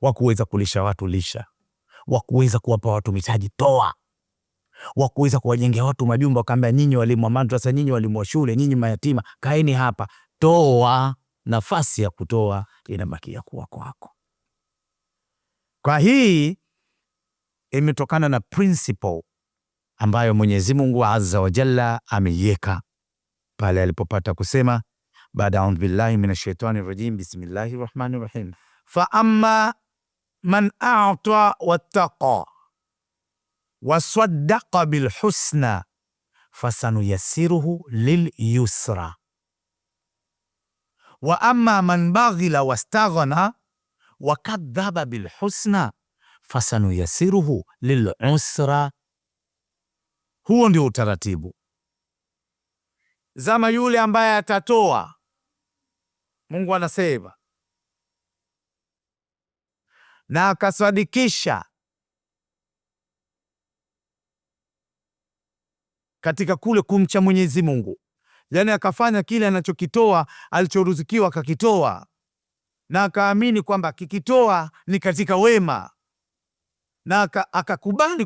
wa kuweza kulisha watu lisha, wa kuweza kuwapa watu mitaji toa, wa kuweza kuwajengea watu majumba, wakaambia nyinyi walimu wa madrasa, nyinyi walimu wa shule, nyinyi mayatima, kaeni hapa, toa. Nafasi ya kutoa inabakia kuwa kwako. Kwa hii imetokana na principle ambayo Mwenyezi Mungu Azza wa Jalla ameiweka pale alipopata kusema baada ya billahi minashaitani rajim bismillahi rahmani rahim fa amma من أعطى واتقى وصدق بالحسنى فسنيسره لليسرى وأما من بغل واستغنى وكذب بالحسنى فسنيسره للعسرى هو ndio utaratibu zama yule ambaye atatoa Mungu anasema na akasadikisha katika kule kumcha Mwenyezi Mungu, yaani akafanya kile anachokitoa alichoruzikiwa akakitoa, na akaamini kwamba kikitoa ni katika wema, na akakubali